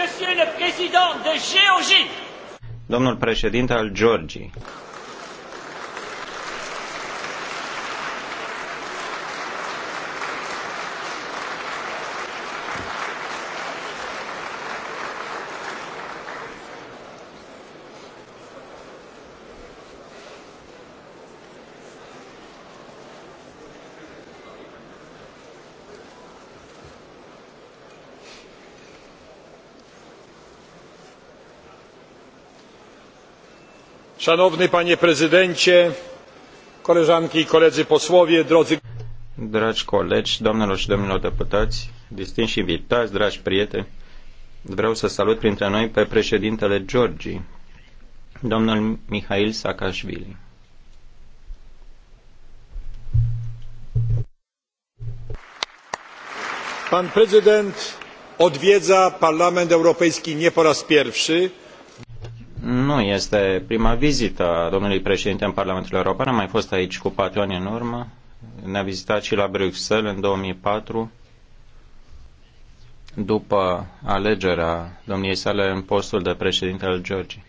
Monsieur le Président de Géorgie. Domnul președinte al Georgiei. Szanowny panie prezydencie, koleżanki i koledzy posłowie, drodzy Dragi colegi, domnilor, și domnilor deputați, distinși invitați, dragi prieteni, vreau să salut printre noi pe președintele Georgii, domnul Mihail Saakashvili. Pan prezydent odwiedza Parlament Europejski nie po raz pierwszy nu este prima vizită a domnului președinte în Parlamentul European. Am mai fost aici cu patru ani în urmă. Ne-a vizitat și la Bruxelles în 2004 după alegerea domniei sale în postul de președinte al Georgiei.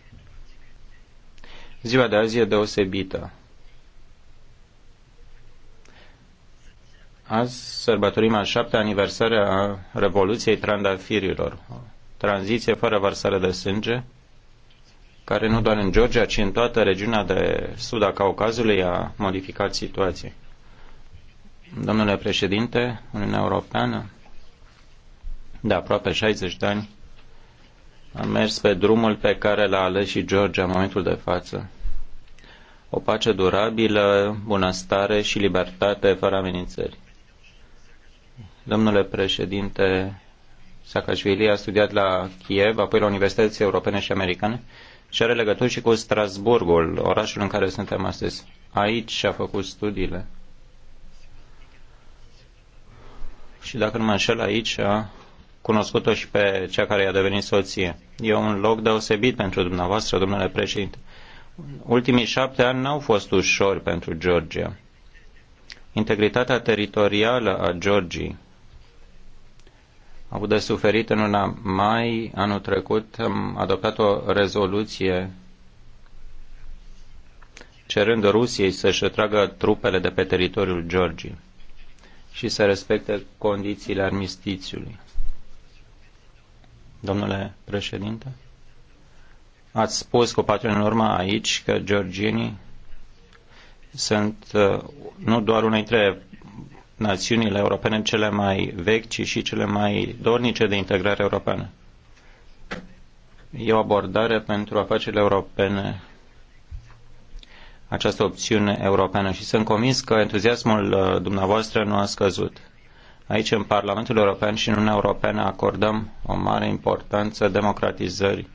Ziua de azi e deosebită. Azi sărbătorim al șaptea aniversare a Revoluției Trandafirilor, o tranziție fără vărsare de sânge, care nu doar în Georgia, ci în toată regiunea de sud a Caucazului a modificat situația. Domnule președinte, Uniunea Europeană, de aproape 60 de ani, a mers pe drumul pe care l-a ales și Georgia în momentul de față. O pace durabilă, bunăstare și libertate fără amenințări. Domnule președinte Sakașvili a studiat la Kiev, apoi la universități europene și americane și are legături și cu Strasburgul, orașul în care suntem astăzi. Aici și-a făcut studiile. Și dacă nu mă înșel, aici a cunoscut-o și pe cea care i-a devenit soție. E un loc deosebit pentru dumneavoastră, domnule președinte. Ultimii șapte ani n-au fost ușori pentru Georgia. Integritatea teritorială a Georgiei avut de suferit în luna mai anul trecut. Am adoptat o rezoluție cerând Rusiei să-și retragă trupele de pe teritoriul Georgiei și să respecte condițiile armistițiului. Domnule președinte, ați spus cu patru în urmă aici că georgienii sunt uh, nu doar una dintre națiunile europene cele mai vechi, ci și cele mai dornice de integrare europeană. E o abordare pentru afacerile europene această opțiune europeană și sunt convins că entuziasmul uh, dumneavoastră nu a scăzut. Aici, în Parlamentul European și în Uniunea Europeană, acordăm o mare importanță democratizării.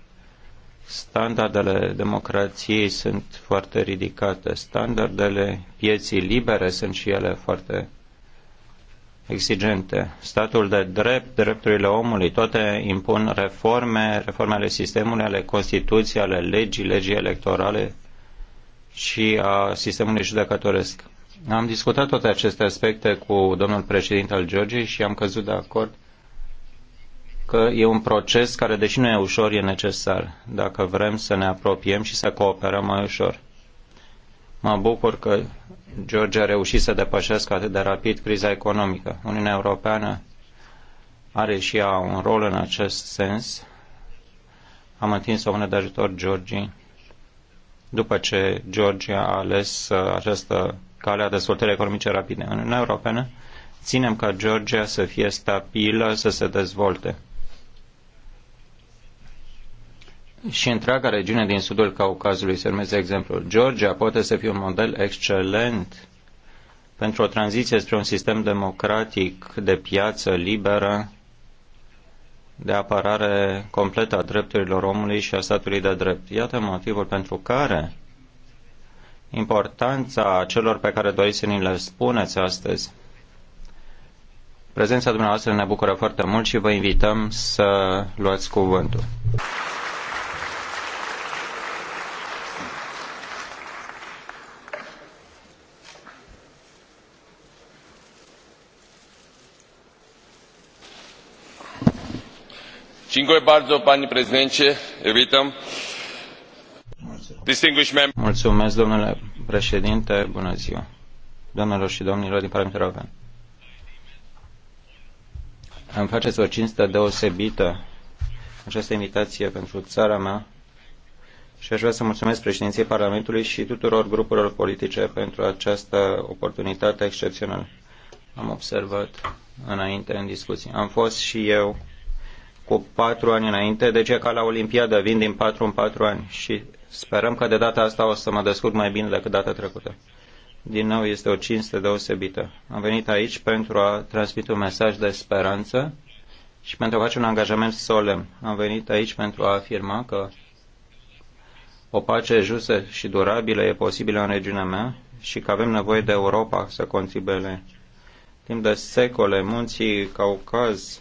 Standardele democrației sunt foarte ridicate, standardele pieții libere sunt și ele foarte exigente. Statul de drept, drepturile omului, toate impun reforme, reforme ale sistemului, ale Constituției, ale legii, legii electorale și a sistemului judecătoresc. Am discutat toate aceste aspecte cu domnul președinte al Georgiei și am căzut de acord că e un proces care, deși nu e ușor, e necesar dacă vrem să ne apropiem și să cooperăm mai ușor. Mă bucur că Georgia a reușit să depășească atât de rapid criza economică. Uniunea Europeană are și ea un rol în acest sens. Am întins o mână de ajutor Georgiei după ce Georgia a ales uh, această cale a dezvoltării economice rapide. În Uniunea Europeană ținem ca Georgia să fie stabilă, să se dezvolte. și întreaga regiune din sudul Caucazului să urmeze exemplul. Georgia poate să fie un model excelent pentru o tranziție spre un sistem democratic de piață liberă, de apărare completă a drepturilor omului și a statului de drept. Iată motivul pentru care importanța celor pe care doriți să ni le spuneți astăzi. Prezența dumneavoastră ne bucură foarte mult și vă invităm să luați cuvântul. Dziękuję bardzo, pani prezydencie. Witam. Mulțumesc, domnule președinte. Bună ziua. Doamnelor și domnilor din Parlamentul European. Îmi faceți o cinstă deosebită această invitație pentru țara mea și aș vrea să mulțumesc președinției Parlamentului și tuturor grupurilor politice pentru această oportunitate excepțională. Am observat înainte în discuții. Am fost și eu cu patru ani înainte, deci e ca la Olimpiadă, vin din patru în patru ani și sperăm că de data asta o să mă descurc mai bine decât data trecută. Din nou este o cinste deosebită. Am venit aici pentru a transmite un mesaj de speranță și pentru a face un angajament solemn. Am venit aici pentru a afirma că o pace justă și durabilă e posibilă în regiunea mea și că avem nevoie de Europa să contribuie. Timp de secole, munții Caucaz,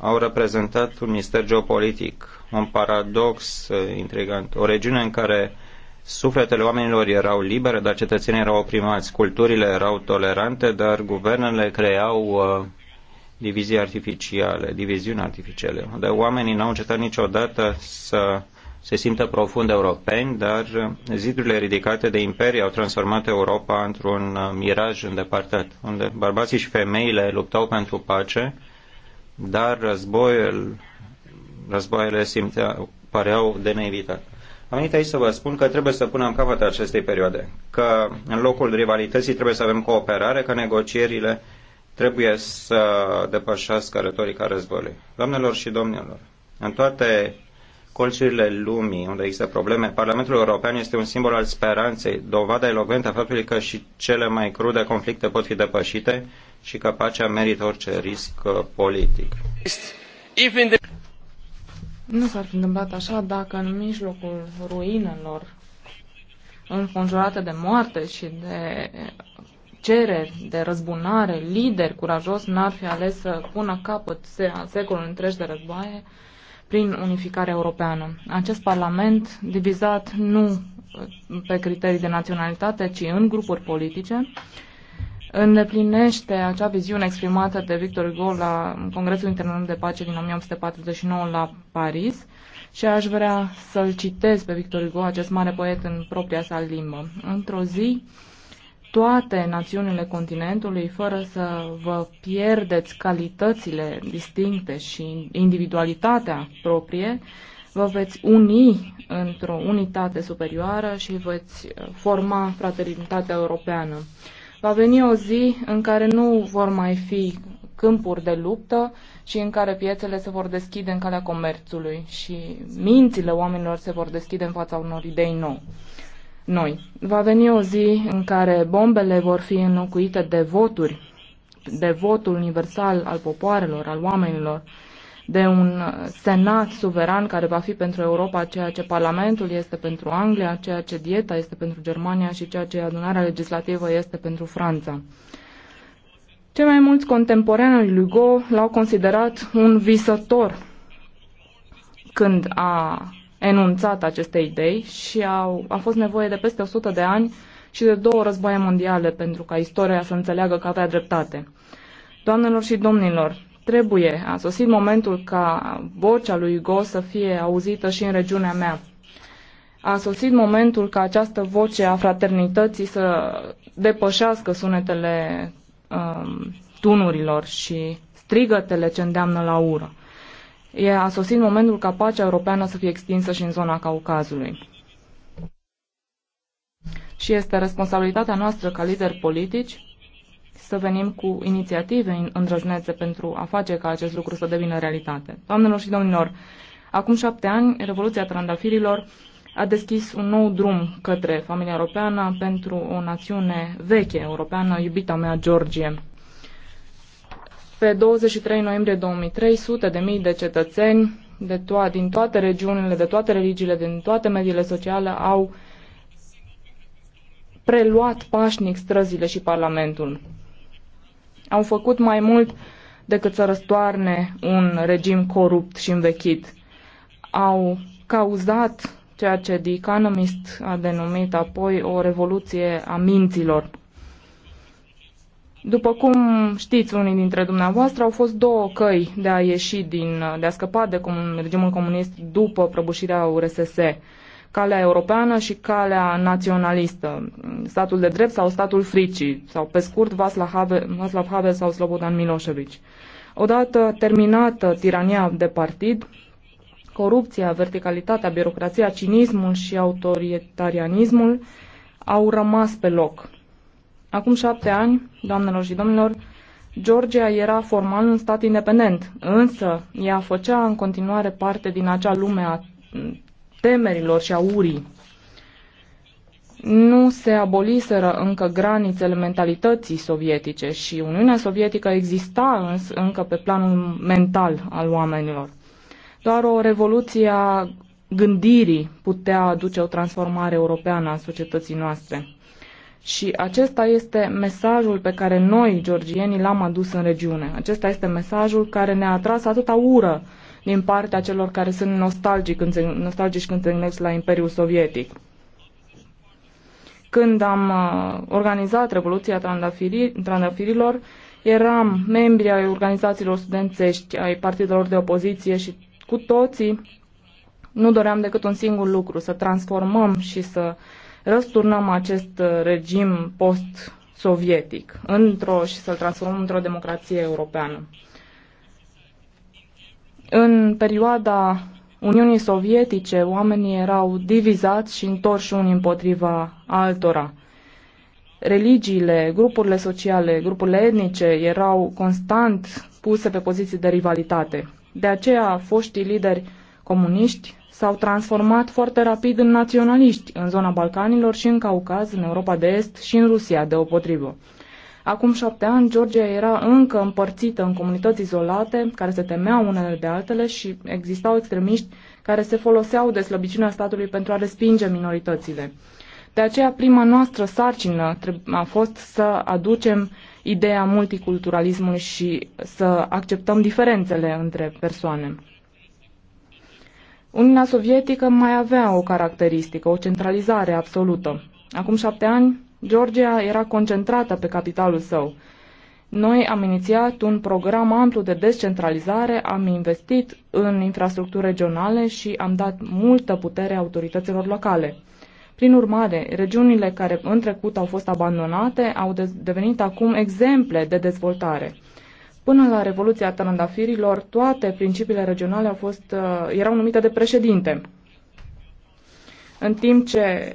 au reprezentat un mister geopolitic, un paradox uh, intrigant, o regiune în care sufletele oamenilor erau libere, dar cetățenii erau oprimați, culturile erau tolerante, dar guvernele creau uh, divizii artificiale, diviziuni artificiale, unde oamenii n-au încetat niciodată să se simtă profund europeni, dar zidurile ridicate de imperii au transformat Europa într-un uh, miraj îndepărtat, unde bărbații și femeile luptau pentru pace, dar războiul, războaiele simțea, păreau de neevitat. Am venit aici să vă spun că trebuie să punem capăt acestei perioade, că în locul rivalității trebuie să avem cooperare, că negocierile trebuie să depășească retorica războiului. Doamnelor și domnilor, în toate colțurile lumii unde există probleme, Parlamentul European este un simbol al speranței, dovada elogventă a faptului că și cele mai crude conflicte pot fi depășite și că pacea merită orice risc uh, politic. Nu s-ar fi întâmplat așa dacă în mijlocul ruinelor înconjurate de moarte și de cereri de răzbunare, lider curajos n-ar fi ales să pună capăt secolului întreg de războaie prin unificarea europeană. Acest parlament, divizat nu pe criterii de naționalitate, ci în grupuri politice, îndeplinește acea viziune exprimată de Victor Hugo la Congresul Internațional de Pace din 1849 la Paris și aș vrea să-l citez pe Victor Hugo, acest mare poet, în propria sa limbă. Într-o zi, toate națiunile continentului, fără să vă pierdeți calitățile distincte și individualitatea proprie, vă veți uni într-o unitate superioară și veți uh, forma fraternitatea europeană. Va veni o zi în care nu vor mai fi câmpuri de luptă și în care piețele se vor deschide în calea comerțului și mințile oamenilor se vor deschide în fața unor idei noi. Noi. Va veni o zi în care bombele vor fi înlocuite de voturi, de votul universal al popoarelor, al oamenilor, de un senat suveran care va fi pentru Europa ceea ce Parlamentul este pentru Anglia, ceea ce dieta este pentru Germania și ceea ce adunarea legislativă este pentru Franța. Cei mai mulți contemporani al lui Hugo l-au considerat un visător când a enunțat aceste idei și au, a fost nevoie de peste 100 de ani și de două războaie mondiale pentru ca istoria să înțeleagă că avea dreptate. Doamnelor și domnilor, Trebuie, a sosit momentul ca vocea lui Hugo să fie auzită și în regiunea mea. A sosit momentul ca această voce a fraternității să depășească sunetele um, tunurilor și strigătele ce îndeamnă la ură. E a sosit momentul ca pacea europeană să fie extinsă și în zona Caucazului. Și este responsabilitatea noastră ca lideri politici să venim cu inițiative îndrăznețe pentru a face ca acest lucru să devină realitate. Doamnelor și domnilor, acum șapte ani, Revoluția Trandafirilor a deschis un nou drum către familia europeană pentru o națiune veche europeană, iubita mea Georgie. Pe 23 noiembrie 2003, sute de mii de cetățeni de to- din toate regiunile, de toate religiile, din toate mediile sociale au preluat pașnic străzile și Parlamentul au făcut mai mult decât să răstoarne un regim corupt și învechit. Au cauzat ceea ce The Economist a denumit apoi o revoluție a minților. După cum știți unii dintre dumneavoastră, au fost două căi de a ieși din, de a scăpa de comun, regimul comunist după prăbușirea URSS calea europeană și calea naționalistă, statul de drept sau statul fricii, sau pe scurt Václav Havel, Havel sau Slobodan Milosevic. Odată terminată tirania de partid, corupția, verticalitatea, birocrația, cinismul și autoritarianismul au rămas pe loc. Acum șapte ani, doamnelor și domnilor, Georgia era formal un stat independent, însă ea făcea în continuare parte din acea lume a temerilor și a urii. Nu se aboliseră încă granițele mentalității sovietice și Uniunea Sovietică exista îns, încă pe planul mental al oamenilor. Doar o revoluție a gândirii putea aduce o transformare europeană a societății noastre. Și acesta este mesajul pe care noi, georgienii, l-am adus în regiune. Acesta este mesajul care ne-a atras atâta ură din partea celor care sunt nostalgici când se, nostalgici când se gândesc la Imperiul Sovietic. Când am uh, organizat Revoluția Trandafirii, Trandafirilor, eram membri ai organizațiilor studențești, ai partidelor de opoziție și cu toții nu doream decât un singur lucru, să transformăm și să răsturnăm acest uh, regim post-sovietic într-o, și să-l transformăm într-o democrație europeană. În perioada Uniunii Sovietice, oamenii erau divizați și întorși unii împotriva altora. Religiile, grupurile sociale, grupurile etnice erau constant puse pe poziții de rivalitate. De aceea, foștii lideri comuniști s-au transformat foarte rapid în naționaliști în zona Balcanilor și în Caucaz, în Europa de Est și în Rusia, deopotrivă. Acum șapte ani, Georgia era încă împărțită în comunități izolate, care se temeau unele de altele și existau extremiști care se foloseau de slăbiciunea statului pentru a respinge minoritățile. De aceea, prima noastră sarcină a fost să aducem ideea multiculturalismului și să acceptăm diferențele între persoane. Uniunea Sovietică mai avea o caracteristică, o centralizare absolută. Acum șapte ani, Georgia era concentrată pe capitalul său. Noi am inițiat un program amplu de descentralizare, am investit în infrastructuri regionale și am dat multă putere autorităților locale. Prin urmare, regiunile care în trecut au fost abandonate au devenit acum exemple de dezvoltare. Până la Revoluția Tărândafirilor, toate principiile regionale au fost, uh, erau numite de președinte. În timp ce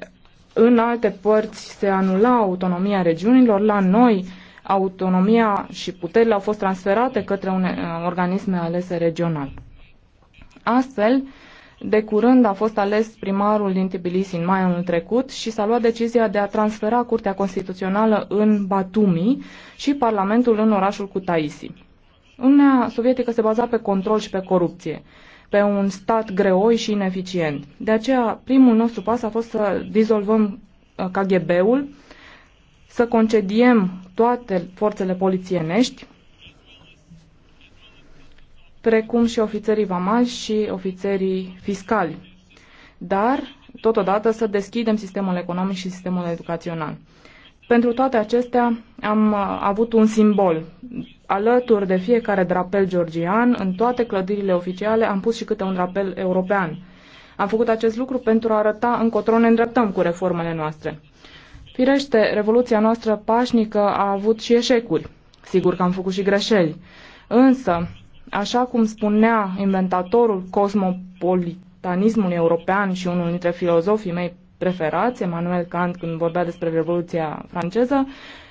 în alte părți se anula autonomia regiunilor, la noi autonomia și puterile au fost transferate către un uh, organism ales regional. Astfel, de curând a fost ales primarul din Tbilisi în mai anul trecut și s-a luat decizia de a transfera Curtea Constituțională în Batumi și Parlamentul în orașul Kutaisi. Uniunea Sovietică se baza pe control și pe corupție pe un stat greoi și ineficient. De aceea, primul nostru pas a fost să dizolvăm uh, KGB-ul, să concediem toate forțele polițienești, precum și ofițerii vamali și ofițerii fiscali, dar totodată să deschidem sistemul economic și sistemul educațional. Pentru toate acestea am uh, avut un simbol. Alături de fiecare drapel georgian, în toate clădirile oficiale, am pus și câte un drapel european. Am făcut acest lucru pentru a arăta încotro ne îndreptăm cu reformele noastre. Firește, revoluția noastră pașnică a avut și eșecuri. Sigur că am făcut și greșeli. Însă, așa cum spunea inventatorul cosmopolitanismului european și unul dintre filozofii mei preferați, Emmanuel Kant, când vorbea despre Revoluția franceză,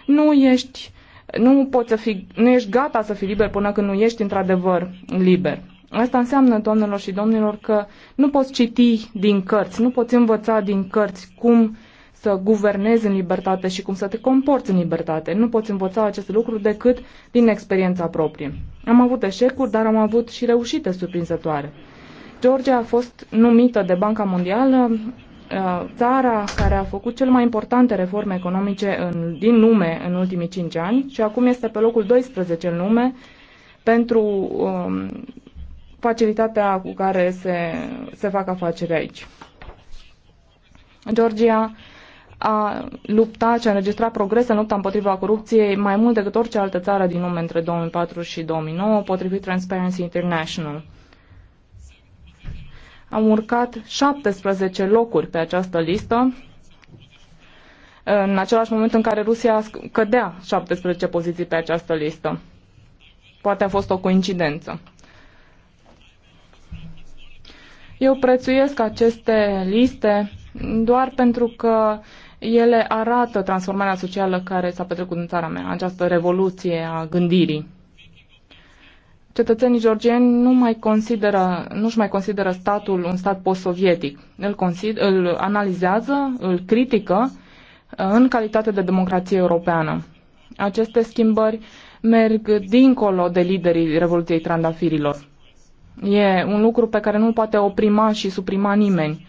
nu ești, nu poți să fii, nu ești gata să fii liber până când nu ești într-adevăr liber. Asta înseamnă, doamnelor și domnilor, că nu poți citi din cărți, nu poți învăța din cărți cum să guvernezi în libertate și cum să te comporți în libertate. Nu poți învăța acest lucru decât din experiența proprie. Am avut eșecuri, dar am avut și reușite surprinzătoare. Georgia a fost numită de Banca Mondială Uh, țara care a făcut cel mai importante reforme economice în, din lume în ultimii 5 ani și acum este pe locul 12 în lume pentru um, facilitatea cu care se, se fac afaceri aici. Georgia a luptat și a înregistrat progrese în lupta împotriva corupției mai mult decât orice altă țară din lume între 2004 și 2009, potrivit Transparency International. Am urcat 17 locuri pe această listă, în același moment în care Rusia cădea 17 poziții pe această listă. Poate a fost o coincidență. Eu prețuiesc aceste liste doar pentru că ele arată transformarea socială care s-a petrecut în țara mea, această revoluție a gândirii cetățenii georgieni nu mai consideră, nu-și mai consideră statul un stat post-sovietic. Îl, consider, îl analizează, îl critică uh, în calitate de democrație europeană. Aceste schimbări merg dincolo de liderii Revoluției Trandafirilor. E un lucru pe care nu poate oprima și suprima nimeni.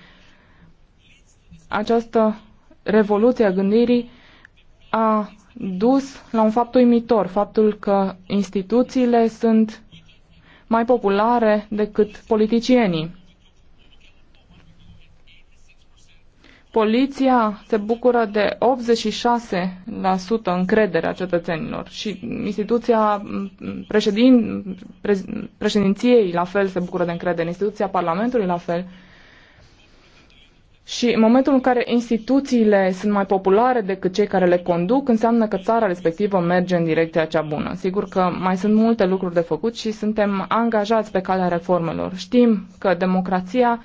Această revoluție a gândirii a dus la un fapt uimitor, faptul că instituțiile sunt mai populare decât politicienii. Poliția se bucură de 86% încrederea cetățenilor și instituția mm, președin, președinției la fel se bucură de încredere, instituția Parlamentului la fel. Și în momentul în care instituțiile sunt mai populare decât cei care le conduc, înseamnă că țara respectivă merge în direcția cea bună. Sigur că mai sunt multe lucruri de făcut și suntem angajați pe calea reformelor. Știm că democrația,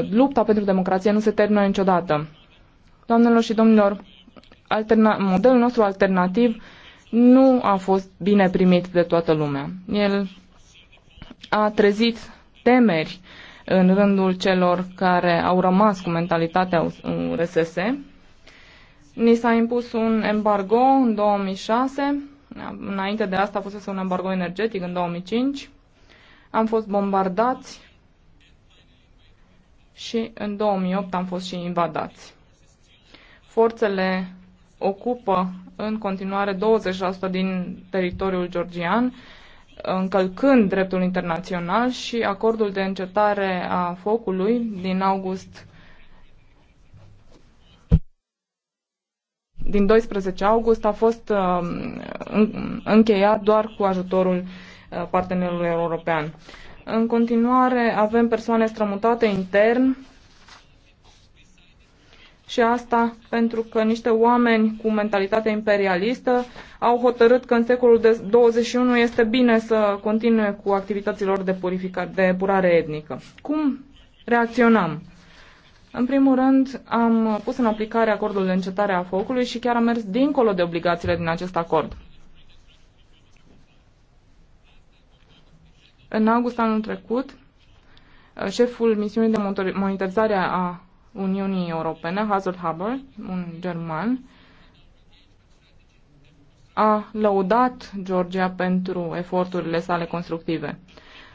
uh, lupta pentru democrație nu se termină niciodată. Doamnelor și domnilor, alterna- modelul nostru alternativ nu a fost bine primit de toată lumea. El a trezit temeri în rândul celor care au rămas cu mentalitatea RSS. Ni s-a impus un embargo în 2006, înainte de asta a fost un embargo energetic în 2005, am fost bombardați și în 2008 am fost și invadați. Forțele ocupă în continuare 20% din teritoriul georgian încălcând dreptul internațional și acordul de încetare a focului din august din 12 august a fost uh, încheiat doar cu ajutorul uh, partenerului european. În continuare avem persoane strămutate intern și asta pentru că niște oameni cu mentalitate imperialistă au hotărât că în secolul de 21 este bine să continue cu activităților de, purificare, de burare etnică. Cum reacționam? În primul rând, am pus în aplicare acordul de încetare a focului și chiar am mers dincolo de obligațiile din acest acord. În august anul trecut, șeful misiunii de monitorizare a Uniunii Europene, Hazard Haber, un german, a lăudat Georgia pentru eforturile sale constructive.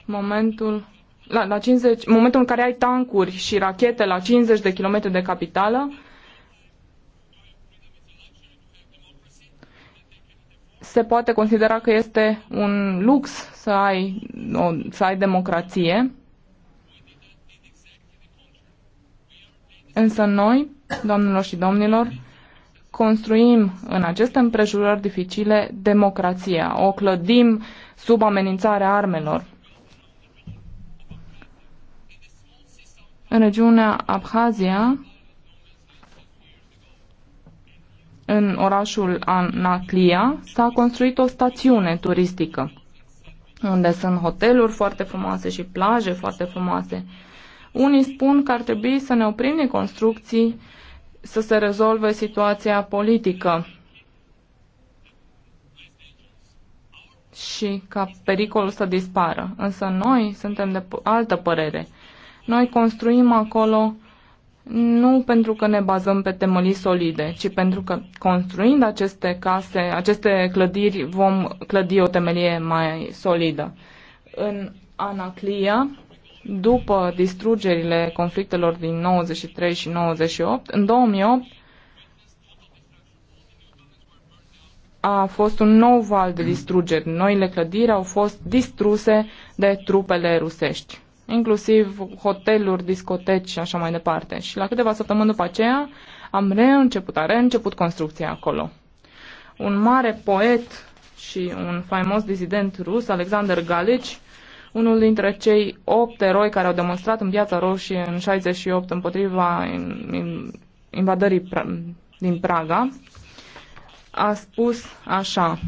Momentul, la, la 50, momentul în care ai tancuri și rachete la 50 de kilometri de capitală, se poate considera că este un lux să ai, o, să ai democrație Însă noi, doamnelor și domnilor, construim în aceste împrejurări dificile democrația, o clădim sub amenințarea armelor. În regiunea Abhazia, în orașul Anaclia, s-a construit o stațiune turistică, unde sunt hoteluri foarte frumoase și plaje foarte frumoase. Unii spun că ar trebui să ne oprim din construcții să se rezolve situația politică și ca pericolul să dispară. Însă noi suntem de altă părere. Noi construim acolo nu pentru că ne bazăm pe temelii solide, ci pentru că construind aceste case, aceste clădiri, vom clădi o temelie mai solidă. În Anaclia, după distrugerile conflictelor din 93 și 98, în 2008 a fost un nou val de distrugeri. Noile clădiri au fost distruse de trupele rusești, inclusiv hoteluri, discoteci și așa mai departe. Și la câteva săptămâni după aceea am reînceput, a reînceput construcția acolo. Un mare poet și un faimos dizident rus, Alexander Galici, unul dintre cei opt eroi care au demonstrat în Piața Roșie în 68 împotriva invadării din Praga, a spus așa.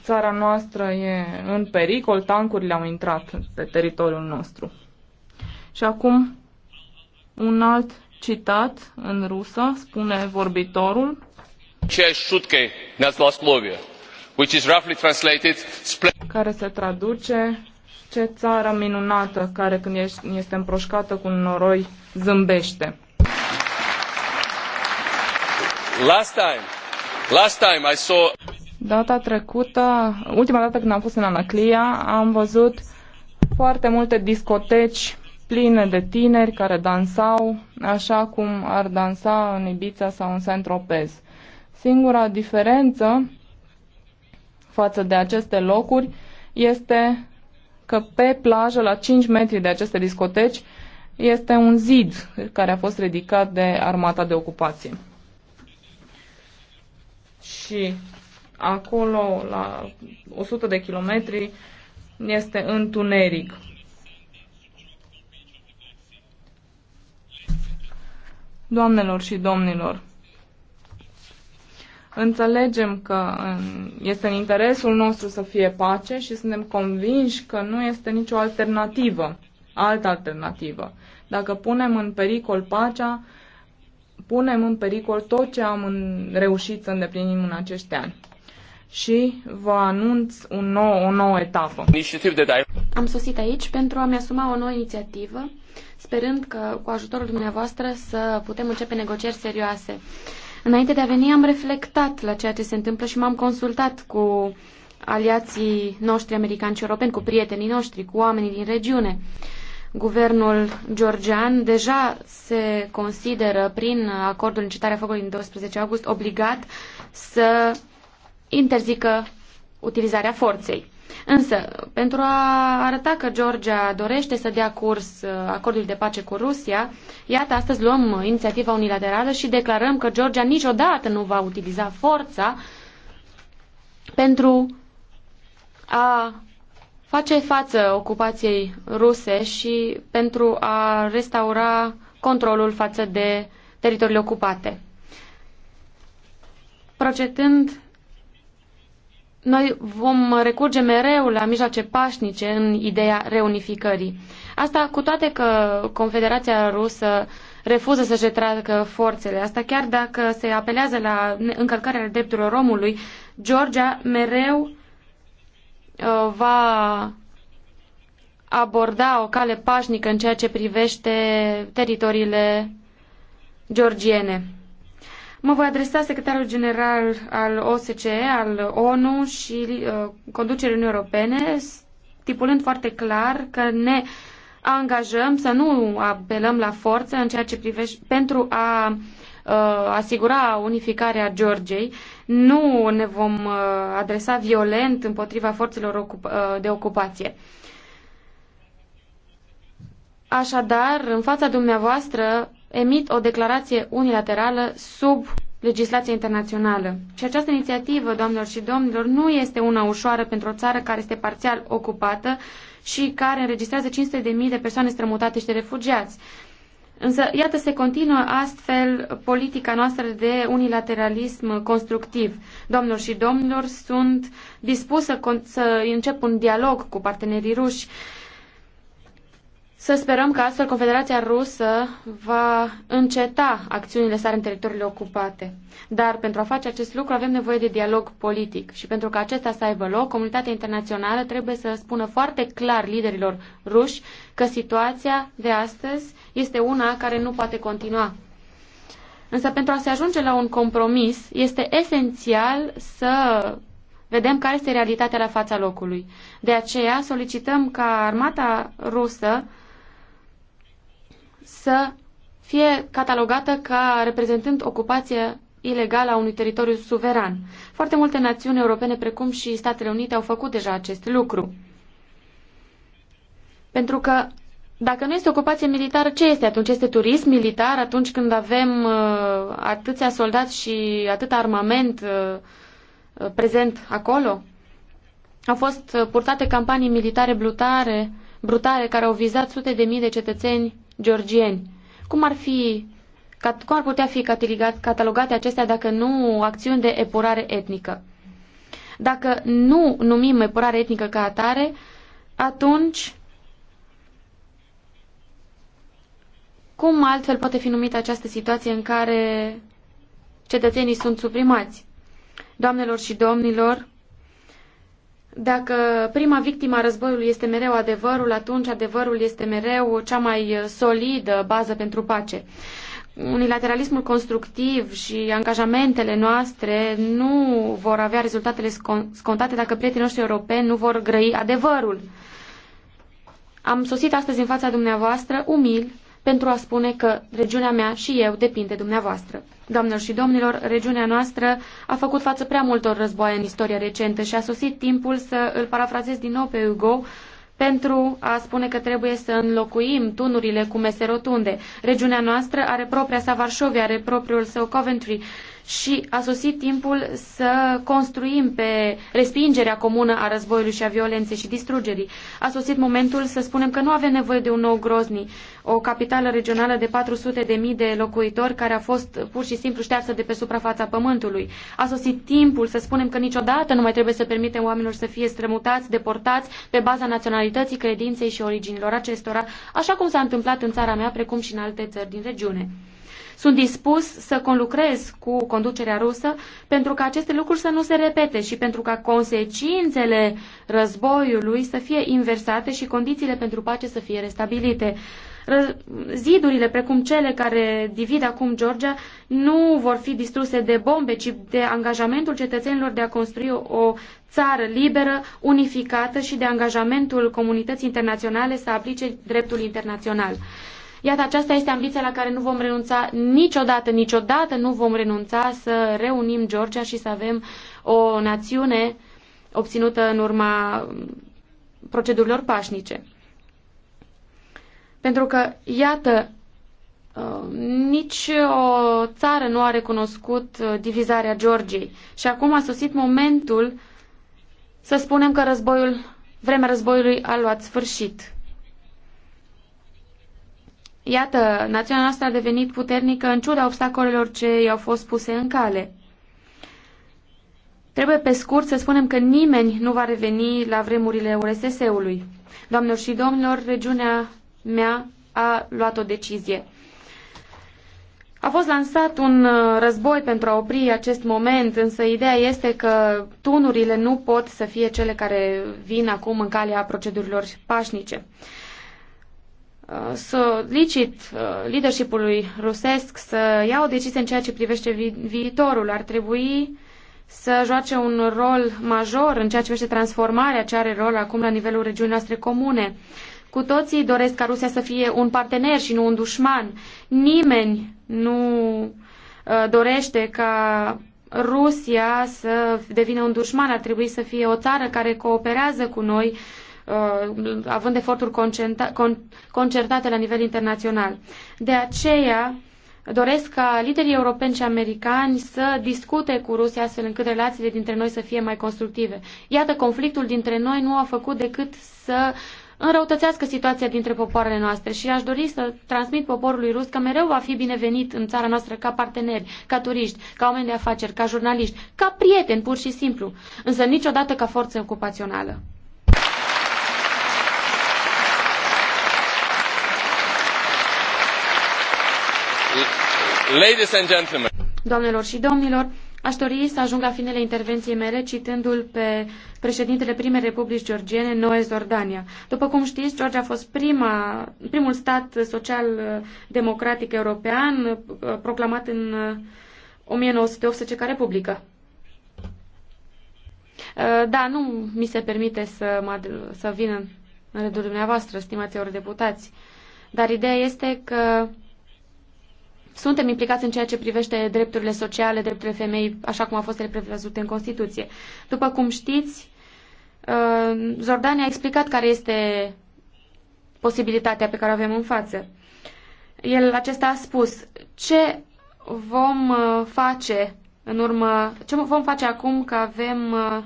Țara noastră e în pericol, tancurile au intrat pe teritoriul nostru. Și acum un alt citat în rusă spune vorbitorul. Ce șutcă ne-ați luat which is roughly translated care se traduce ce țară minunată care când este împroșcată cu un noroi zâmbește. Last time, last time I saw... Data trecută, ultima dată când am fost în Anaclia, am văzut foarte multe discoteci pline de tineri care dansau așa cum ar dansa în Ibiza sau în Saint-Tropez. Singura diferență față de aceste locuri este că pe plajă, la 5 metri de aceste discoteci, este un zid care a fost ridicat de armata de ocupație. Și acolo, la 100 de kilometri, este întuneric. Doamnelor și domnilor, Înțelegem că este în interesul nostru să fie pace și suntem convinși că nu este nicio alternativă, altă alternativă. Dacă punem în pericol pacea, punem în pericol tot ce am în, reușit să îndeplinim în acești ani. Și vă anunț un nou, o nouă etapă. Am sosit aici pentru a-mi asuma o nouă inițiativă, sperând că cu ajutorul dumneavoastră să putem începe negocieri serioase. Înainte de a veni am reflectat la ceea ce se întâmplă și m-am consultat cu aliații noștri americani și europeni, cu prietenii noștri, cu oamenii din regiune. Guvernul georgian deja se consideră, prin acordul încetarea focului din 12 august, obligat să interzică utilizarea forței. Însă, pentru a arăta că Georgia dorește să dea curs uh, acordului de pace cu Rusia, iată, astăzi luăm inițiativa unilaterală și declarăm că Georgia niciodată nu va utiliza forța pentru a face față ocupației ruse și pentru a restaura controlul față de teritoriile ocupate. Procetând noi vom recurge mereu la mijloace pașnice în ideea reunificării. Asta cu toate că Confederația Rusă refuză să-și retragă forțele. Asta chiar dacă se apelează la încălcarea drepturilor omului, Georgia mereu uh, va aborda o cale pașnică în ceea ce privește teritoriile georgiene. Mă voi adresa secretarul general al OSCE, al ONU și uh, conducerii Uniunii Europene, stipulând foarte clar că ne angajăm să nu apelăm la forță în ceea ce privește pentru a uh, asigura unificarea Georgiei. Nu ne vom uh, adresa violent împotriva forțelor ocup- uh, de ocupație. Așadar, în fața dumneavoastră emit o declarație unilaterală sub legislația internațională. Și această inițiativă, doamnelor și domnilor, nu este una ușoară pentru o țară care este parțial ocupată și care înregistrează 500.000 de persoane strămutate și de refugiați. Însă, iată, se continuă astfel politica noastră de unilateralism constructiv. Domnilor și domnilor, sunt dispusă să încep un dialog cu partenerii ruși să sperăm că astfel Confederația Rusă va înceta acțiunile sale în teritoriile ocupate. Dar pentru a face acest lucru avem nevoie de dialog politic și pentru că acesta să aibă loc, comunitatea internațională trebuie să spună foarte clar liderilor ruși că situația de astăzi este una care nu poate continua. Însă pentru a se ajunge la un compromis este esențial să vedem care este realitatea la fața locului. De aceea solicităm ca armata rusă să fie catalogată ca reprezentând ocupația ilegală a unui teritoriu suveran. Foarte multe națiuni europene, precum și Statele Unite, au făcut deja acest lucru. Pentru că dacă nu este ocupație militară, ce este atunci? Este turism militar atunci când avem uh, atâția soldați și atât armament uh, uh, prezent acolo? Au fost uh, purtate campanii militare brutare, brutare care au vizat sute de mii de cetățeni georgieni. Cum ar, fi, cum ar putea fi catalogate acestea dacă nu acțiuni de epurare etnică? Dacă nu numim epurare etnică ca atare, atunci cum altfel poate fi numită această situație în care cetățenii sunt suprimați? Doamnelor și domnilor, dacă prima victimă a războiului este mereu adevărul, atunci adevărul este mereu cea mai uh, solidă bază pentru pace. Unilateralismul constructiv și angajamentele noastre nu vor avea rezultatele scontate dacă prietenii noștri europeni nu vor grăi adevărul. Am sosit astăzi în fața dumneavoastră umil, pentru a spune că regiunea mea și eu depinde de dumneavoastră. Doamnelor și domnilor, regiunea noastră a făcut față prea multor războaie în istoria recentă și a sosit timpul să îl parafrazez din nou pe Hugo pentru a spune că trebuie să înlocuim tunurile cu mese rotunde. Regiunea noastră are propria sa Varșovia, are propriul său Coventry, și a sosit timpul să construim pe respingerea comună a războiului și a violenței și distrugerii. A sosit momentul să spunem că nu avem nevoie de un nou Grozni, o capitală regională de 400 de mii de locuitori care a fost pur și simplu ștearsă de pe suprafața pământului. A sosit timpul să spunem că niciodată nu mai trebuie să permitem oamenilor să fie strămutați, deportați pe baza naționalității, credinței și originilor acestora, așa cum s-a întâmplat în țara mea, precum și în alte țări din regiune. Sunt dispus să conlucrez cu conducerea rusă pentru ca aceste lucruri să nu se repete și pentru ca consecințele războiului să fie inversate și condițiile pentru pace să fie restabilite. Zidurile, precum cele care divid acum Georgia, nu vor fi distruse de bombe, ci de angajamentul cetățenilor de a construi o țară liberă, unificată și de angajamentul comunității internaționale să aplice dreptul internațional. Iată, aceasta este ambiția la care nu vom renunța niciodată, niciodată nu vom renunța să reunim Georgia și să avem o națiune obținută în urma procedurilor pașnice. Pentru că, iată, uh, nici o țară nu a recunoscut uh, divizarea Georgiei. Și acum a sosit momentul să spunem că războiul, vremea războiului a luat sfârșit. Iată, națiunea noastră a devenit puternică în ciuda obstacolelor ce i-au fost puse în cale. Trebuie pe scurt să spunem că nimeni nu va reveni la vremurile URSS-ului. Doamnelor și domnilor, regiunea mea a luat o decizie. A fost lansat un uh, război pentru a opri acest moment, însă ideea este că tunurile nu pot să fie cele care vin acum în calea procedurilor pașnice solicit uh, leadershipului rusesc să ia o decizie în ceea ce privește vi viitorul. Ar trebui să joace un rol major în ceea ce privește transformarea ce are rol acum la nivelul regiunii noastre comune. Cu toții doresc ca Rusia să fie un partener și nu un dușman. Nimeni nu uh, dorește ca Rusia să devină un dușman. Ar trebui să fie o țară care cooperează cu noi uh, Uh, având eforturi concertate la nivel internațional. De aceea, doresc ca liderii europeni și americani să discute cu Rusia astfel încât relațiile dintre noi să fie mai constructive. Iată, conflictul dintre noi nu a făcut decât să înrăutățească situația dintre popoarele noastre și aș dori să transmit poporului rus că mereu va fi binevenit în țara noastră ca parteneri, ca turiști, ca oameni de afaceri, ca jurnaliști, ca prieteni pur și simplu, însă niciodată ca forță ocupațională. Ladies and gentlemen. Doamnelor și domnilor, aș dori să ajung la finele intervenției mele citându-l pe președintele primei republici georgiene, Noe Zordania. După cum știți, Georgia a fost prima, primul stat social-democratic uh, european uh, proclamat în 1918 uh, ca republică. Da, nu mi se permite să, mă, să vin în rândul dumneavoastră, stimați eurodeputați, dar ideea este că suntem implicați în ceea ce privește drepturile sociale, drepturile femei, așa cum au fost ele prevăzute în Constituție. După cum știți, Zordania uh, a explicat care este posibilitatea pe care o avem în față. El acesta a spus ce vom uh, face în urmă, ce vom face acum că avem uh,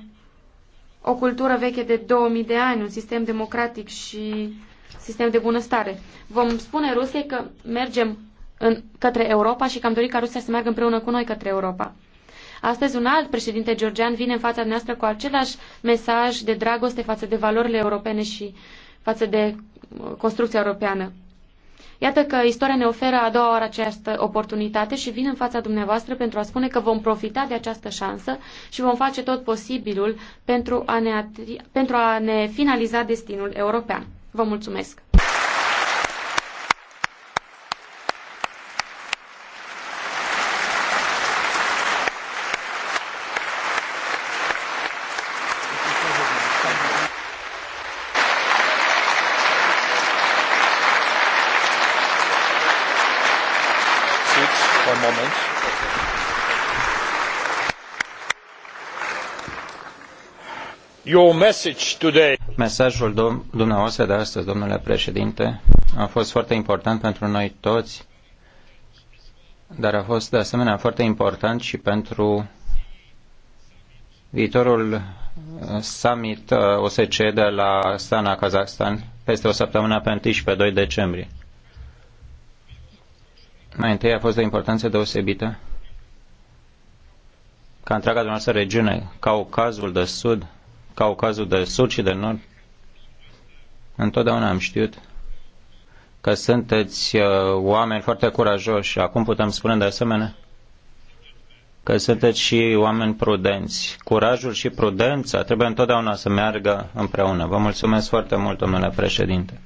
o cultură veche de 2000 de ani, un sistem democratic și sistem de bunăstare. Vom spune Rusiei că mergem în, către Europa și că am dorit ca Rusia să meargă împreună cu noi către Europa. Astăzi un alt președinte georgian vine în fața noastră cu același mesaj de dragoste față de valorile europene și față de uh, construcția europeană. Iată că istoria ne oferă a doua oară această oportunitate și vin în fața dumneavoastră pentru a spune că vom profita de această șansă și vom face tot posibilul pentru a ne, pentru a ne finaliza destinul european. Vă mulțumesc! Your message today. Mesajul dumneavoastră de astăzi, domnule președinte, a fost foarte important pentru noi toți, dar a fost de asemenea foarte important și pentru viitorul summit uh, OSCE de la Astana, Kazahstan, peste o săptămână pe 1 și pe 2 decembrie. Mai întâi a fost de importanță deosebită ca întreaga dumneavoastră regiune, Caucazul de Sud, Caucazul de Sud și de Nord, întotdeauna am știut că sunteți uh, oameni foarte curajoși. Acum putem spune de asemenea că sunteți și oameni prudenți. Curajul și prudența trebuie întotdeauna să meargă împreună. Vă mulțumesc foarte mult, domnule președinte.